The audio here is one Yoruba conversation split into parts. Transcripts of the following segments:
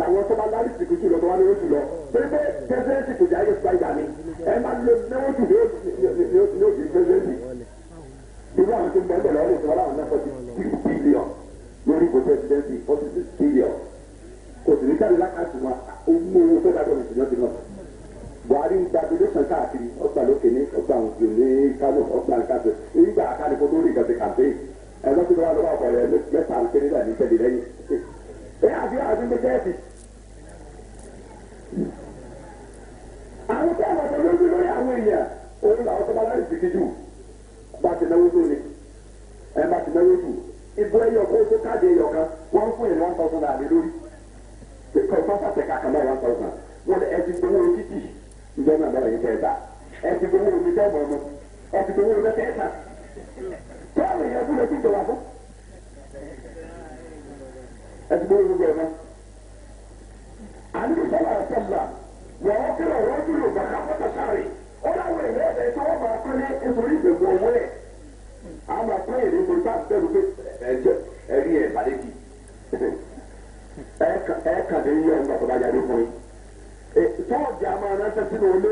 làwọn tó bá lárí sìkú jùlọ tó wá ní oṣù lọ pépé pẹsẹǹtì kò jáde gba ìgbà mi ẹ má lè ní oṣù ní oṣù ní oṣù ní oṣù pẹsẹǹtì. irú àwọn tó ń bọ̀ ẹ̀ lọ́wọ́ ìṣọ̀rọ̀ àwọn náà fọ́tí bílíọ̀n lórí kò pẹsidẹ́ntì fọ́tí bílíọ̀n kò sì ní jáde lákàtì wọn owó owó fẹ́ dàgbà ní ìṣúná dínà. Buhari ń gba donation káàkiri ọgbà lókè ní ọgbà òjò ní Kano ọgbà nǹkan ìgbà àkàlẹ̀ fọ́tò orí ìgbàgbé campaign ẹ̀rọ tó lọ́wọ́ lọ́wọ́ ọ̀pọ̀ rẹ̀ mẹ́ta ń kéré náà ní ìṣẹ̀lẹ̀ lẹ́yìn ẹ àbí àbí méjèèjì. àwọn tó àwọn tó lójú lórí àwọn èèyàn òun làwọn tó bá láì jìkì jù bá ti náwó tó ni ẹ bá ti náwó jù ibú ẹyọ kó tó káàdì ẹyọ kan wọn fún yẹn one thousand àlè lórí kíkọ fásitì àtẹkà kan náà one thousand wọn lè ẹtì gbowó títì ìjọ náà lọ́wọ́ yìí tẹ́ ẹ bá ẹtì gbowó omi tẹ́ ẹ mọ̀ ọmọ ẹtì gbowó omi tẹ́ ẹ tà tẹ́ẹ̀mù yẹn fún ẹtì ìjọba fún ẹgbẹ́ ìwé ẹ̀mọ́. àní sọ́lá àtọ́lá wọ́n wọ́n kílọ̀ wọ́n dúró bàtà fọ́tà sáré ó láwọn èèyàn ẹ̀dẹ̀ tí wọ́n máa kọ́ ní nítorí ìgbèkùn owó ẹ̀. a máa pẹ́ èrè tó bá bẹ̀rù pé ẹ̀rí ẹ̀ balẹ̀ bì ẹ̀ẹ́kàdé yẹ ọ̀gbà tó bá yàrá ìfọ̀yín. tọ́ọ̀dì àmọ́ anáṣẹ́ sínú olé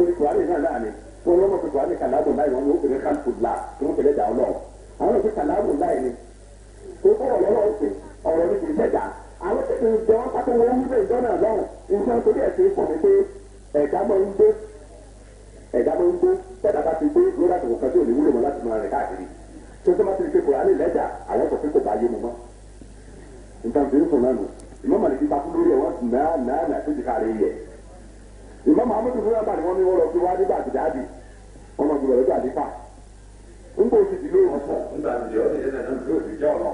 olùkùránì náà náà ni tó lọ́mọ tó kùránì kàlámù láì wọn ni ó pèlè kàlùkùlà ọ lọ àwọn òfin kàlámù láì ni tó kọ́rọ̀ lọ́wọ́ òfin ọ̀rọ̀ ní kì í ṣẹ̀dá àwọn tó ti jọ wọn pátó wọn ìjọ náà torí pé ẹ̀dá máa ń gbé ẹ̀dá máa ń gbé bá ti gbé lórí kan tí ò ní wúlò mọ́ ìmọ̀ mahamudu fún yàrá ni wọ́n ní wọ́n lọ sí wájú bá àti dáàbì wọ́n máa gbìyànjú àti fà ń bò sì dìlé òun. nígbà tí ó ti ṣe náà ló ti jẹ́ ọ̀nà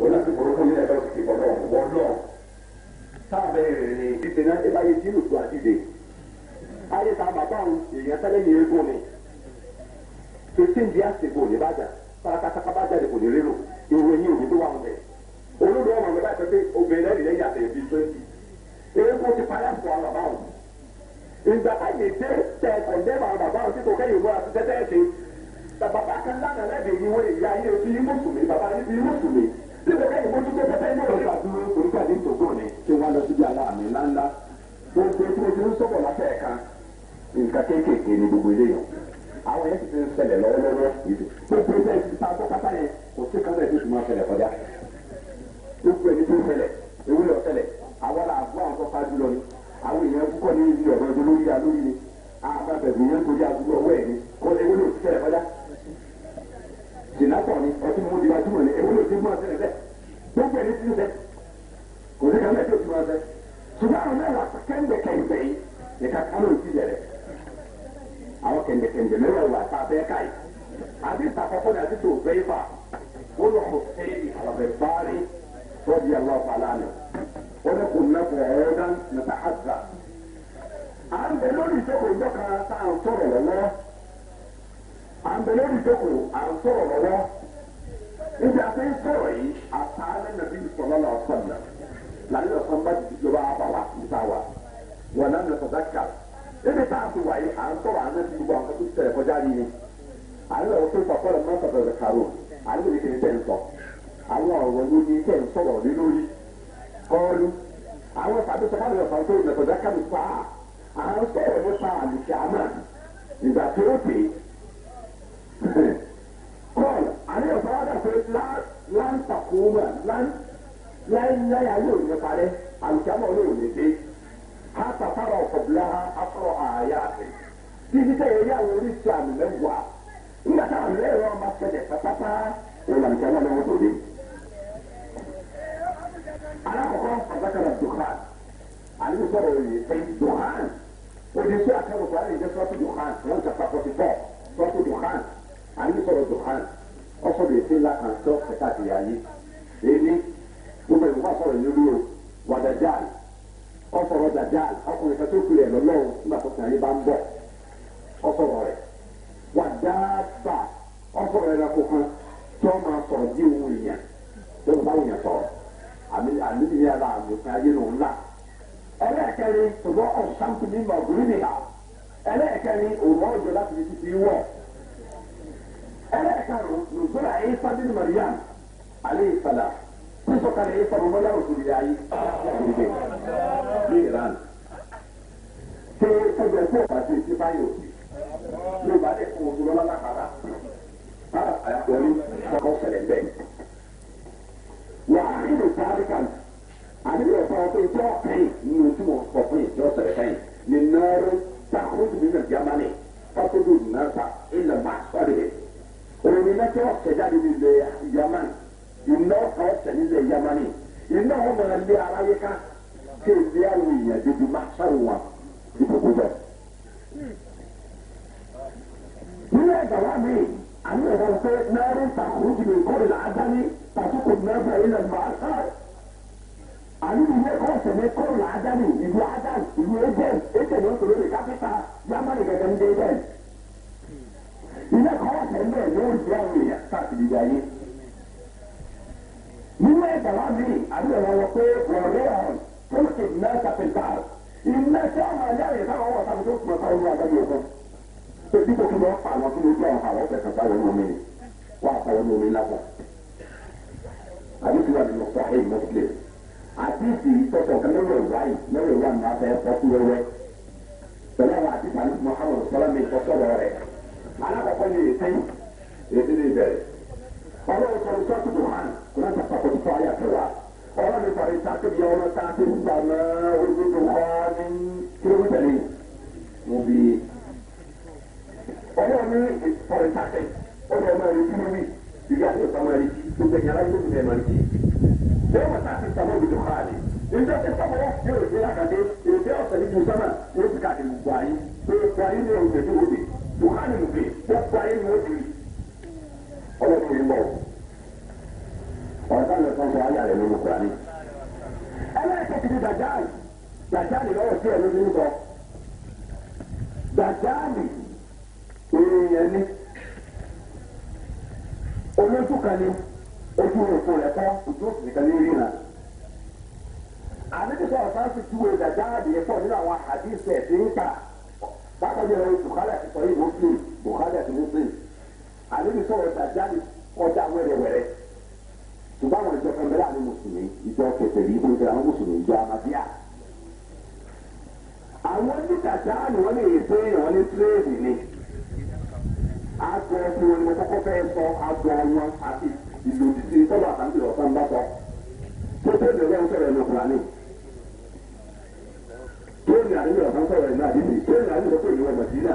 ó náà ti kúrò fún ilé ẹ̀dọ́ ti kìbọn náà wọ́n lọ. táàbẹ̀ rẹ̀ ni ìdè náà ṣe báyé jíìlù tó àdìde ayé ta bàbá òun èèyàn tẹ́lẹ̀ ní eégún ni fifteen díà ṣègbò ní bàjá pátákátá bá jáde kò ní rérò ìròyìn òbí tó wà ń bẹ̀ olódò ìgbà báyìí dé tẹ kọ̀ndẹ́mù àwọn bàbá àwọn títò kẹ́yìn wọ́n àti tẹ́tẹ́ ṣe bàbá kan lánàá lẹ́bi ìwé ìyá yín ti yín mùsùlùmí bàbá yín ti yín mùsùlùmí títò kẹ́yìn wọ́n títò tẹ́tẹ́ yín lọ́wọ́. ìgbàdúró onígbà ní tògbó ni kí wọ́n lọ síbi aláàmì ńláńlá gbogbo tí mo ti ń sọ̀bọ̀ lápẹ̀ ẹ̀ka nǹkan kéékèèké ni gbogbo eléyàn àwọn yẹn ti ti ń ṣẹlẹ̀ lọ́wọ́lọ́wọ́ gbogbo ẹgbẹ́ ìta tó pátá yẹn kò sí kánú ẹ̀ tó sì máa ṣẹlẹ̀ kọjá ṣùgbọ́n àwọn náà làtọ̀ kẹ́ńdẹ̀kẹ́ńdẹ̀ yìí nìkan kánò ti bẹ̀rẹ̀ àwọn kẹ́ńdẹ̀kẹ́ńdẹ̀ mẹ́wàá wà tá a bẹ́ẹ̀ ká yìí àti ìtàkọ́kọ́ ni àti tó bẹ́ẹ̀ fà wọ́n lọ kó sẹ́yìn àlọ́bẹ̀ báárí rọ́bì aláwọ̀ aláàánú wọ́n lọ kó nàkọ̀ ọ̀ọ́dán nàtà àgbà. à ń bẹ lórí ìjókòó ìjọ tá à ń sọ̀rọ̀ lọ́wọ́ à ń bẹ lórí ìjókòó à ń sọ̀rọ̀ lọ́wọ́ níbi àti sọ̀rọ̀ yìí àtàlẹ́ nàbí sọ̀rọ̀ lọ́wọ́ sọ̀rọ̀ lànà ọ̀pọ̀nba ìjọba àbàwà ìtawà wọn nà nà sọ̀dáka ebi tá a ti wà yìí à ń sọ̀rọ̀ àná ti gbogbo àwọn akẹ́kọ̀ọ́ tẹ̀lé kọjá yìí àwọn ọ̀rọ̀ tó fà fọ́lọ̀ máa sọ̀rọ̀ kàró àwọn èdè kìíní tẹ̀ ń sọ àwọn ọ̀rọ̀ ló ní tẹ̀ ń sọ̀rọ̀ lé lórí kọ́ọ́lù àwọn tàbí sọ̀rọ̀ àwọn ọ̀fà tó nà sọ̀dáka pa à ń sọ̀rọ̀ nípa àlùkí àmà ìgbà tó ó pè é kọ́ọ̀lù àwọn ọ̀fà wà láyéláyé ayé òní parẹ́ àlùjámọ́ ló lè dé hàtà sára ọ̀kọ̀bìlà afọ àyà rẹ̀ títí sẹ́yìn eré àwọn oríṣi àmì mẹ́wàá nígbà táwọn mẹ́rin wọn máa ṣẹlẹ̀ pátápá òun àlùjámọ́ lọ́wọ́ tó dé. alákọ̀ọ́kọ́ àbájáde dùkán àlejò sọ̀rọ̀ òye pé dùkán òdìsí àkẹ́rù kan àlejò sọ́tù dùkán wọ́n ti papọ̀ ti bọ̀ sọ́tù dùkán àlejò sọ̀rọ̀ dùkán ọ̀sọ̀dọ̀ gbogbo ìwà sọ̀rọ̀ yìí ló wà dàjáàl ọ̀sọ̀rọ̀ dàjáàl ọkùnrin kan tó fi rẹ̀ lọ́lọ́run nígbà tó kàn yín bá ń bọ̀ ọ̀sọ̀rọ̀ rẹ̀ wà dáàbà ọ̀sọ̀rọ̀ tí wọ́n máa sọ̀rọ̀ bí òun tó ń bá sọ̀rọ̀ àmì àmì la àmì ayé sísọ̀kalẹ̀ yìí fọmọ mọ́lá òkùnrin ayé láti àgbègbè ní Iran ṣé ọjọ́ ìfẹ́ ọ̀gá sí ti báyìí òkè yóò bá dẹ̀ fún oṣù lọ́lá lápára bára àyàkọ́lé fọmọ ṣẹlẹ̀ bẹ́ẹ̀. wà á nílò sáríkà àníyàn fún ọkọ̀ ìjọ ọ̀pẹ̀ ní àníyàn ìbá wọn pé mẹ́rin tàkùn jù lè kórè làádá ní tàkùkù mẹ́fà ilẹ̀ màásà àníyàn ìwé kọ́ ọ̀sẹ̀ ní kórè làádá ní ìlú ádá ìlú ẹgbẹ́ ẹgbẹ́ ní ọ̀sẹ̀ lórí kápẹ́tà yámánì gẹ́gẹ́ ní dẹ́gbẹ́ ilé kọ́ ọ̀sẹ̀ ń bẹ̀ ní oṣù àwọn èèyàn káàkiri ayé nínú ẹ̀dá wa mi àníyàn wọn pé wọ̀ọ́rẹ́ ọ̀hún pé dípò kí wọ́n pa àwọn tó lè jẹ́ àwọn àwọn ọ̀fẹ̀sẹ̀ báyọ̀ lómi ni wọ́n á pàwọn lómi lápò. àdìsí wà nínú sahih muslim àdìsí tọ̀tọ̀ kan lọ́wọ́ ìwà yìí lọ́wọ́ ìwà nínú afẹ́ ọkú wẹ́wẹ́ pẹ̀lú àwọn àdìsí àti muhammad sọlọ́mì ìfọ́sọ̀rọ̀ rẹ̀ alákọ̀ọ́kọ́ ni ètè ètè ni ìbẹ̀rẹ̀ ọlọ́run sọ̀rọ̀ mo sábà yóò ti káàkiri gbogbo ayé pé gbogbo ayé ní ọ̀rọ̀ tẹ̀lé òde buhari ló gbé gbogbo ayé ní òde ọlọ́run yìí bọ̀ ọ̀rọ̀ táwọn ẹ̀fọn sọ ayé rẹ̀ ló ló kura ní. ẹlẹ́ẹ̀kejì ni dàjáàlì dàjáàlì lọ́wọ́ sí ẹ̀ ló ní bọ̀ dàjáàlì èèyàn ni olójú kan ni ojú òkú rẹ̀ kọ́ ojú òkú kan ní rí náà. àníbísọ̀ ọ̀sán ti ju èdè a pọ̀ nínú àwọn àdìsí ẹ̀ tí ń kà bákan yẹn bùkálẹ̀ àti sọ̀rọ̀ ìwé sí bùkálẹ̀ àti wọ́n sí àníbísọ̀ ọ̀sán kọjá wẹ́rẹ́wẹ́rẹ́ ṣùgbọ́n àwọn ìjọ kan bẹ́ẹ̀ musulmi mùsùlùmí ìjọ kẹfẹ́rì ìbò ìjọ àwọn mùsùlùmí ìjọ amadíà àwọn onídàájá ni wọ́n lè ṣe ìwọ́n ní tírèèdì ni àgọ́ ọ̀sùn wọn ni wọn àti ọ̀sán bá gbogbo ìjọba ń sọ̀rọ̀ ẹnu kùránì tóyìn àdúgbò ọ̀kan sọ̀rọ̀ ẹnu àdìbì tóyìn àdúgbò tó ìwọ̀n mọ̀tínà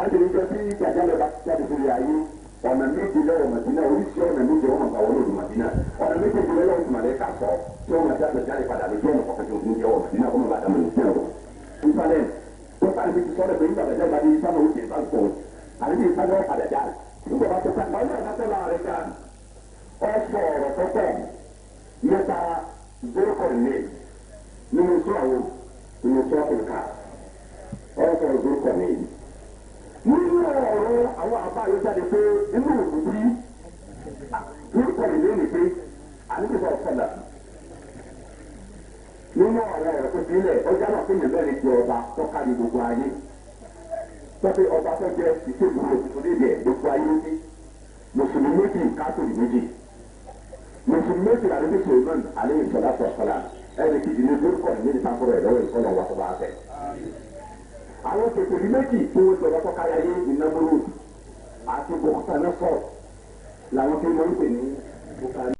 àdìbì jọ sí jàjálẹ̀ bá jáde sórí ayé ọ̀nà méjì lọ́wọ́ mọ̀tínà oríṣi ọ̀nà méjì wọn bá wọlé olùmọ̀tínà ọ̀nà méjì ti lọ́wọ́ ìtumọ̀lẹ́ kà sọ tí wọ́n máa jáde jáde padà lójú ọ̀nà kọ̀ọ̀kan tó ń jẹ́ wọ̀ mọ̀tínà kọ́mọ̀ bàtà mọ̀ nípìn ọ̀rọ̀ ìfalẹ̀ tó bá ibi sọ́dọ̀ pé nígbà bàjẹ́ bá dé ìfalẹ̀ òkè ìfalẹ̀ pọ̀ àdìbì ìfalẹ̀ ọ̀padà jáde nígbà bá tó ká Zulkarnain nínú sọ àwọn nínú sọ kìlìkà ọ̀sọ̀ Zulkarnain. nínú ọ̀rọ̀ àwọn àbá yóò jáde pé inú òkú bí Zulkarnain ni pé àníbi n'ime sọ̀lá nínú ọba tó a gbogbo ayé tọ́pẹ́ ọba tó jẹ́ ìṣèlú gbogbo mùsùlùmí méjì la níbi suleman aleyhi salatu wa salam ẹni kejì ní lórí kọ́ni ní nípa kúrò ẹ̀dọ́wọ̀ ìkọlọ̀ wà tó bá fẹ́. àwọn kèkèrè méjì tó jọba tó káyà yé ìnáwó àti bùkútà náà sọ̀rọ̀ làwọn tó ń lọ ní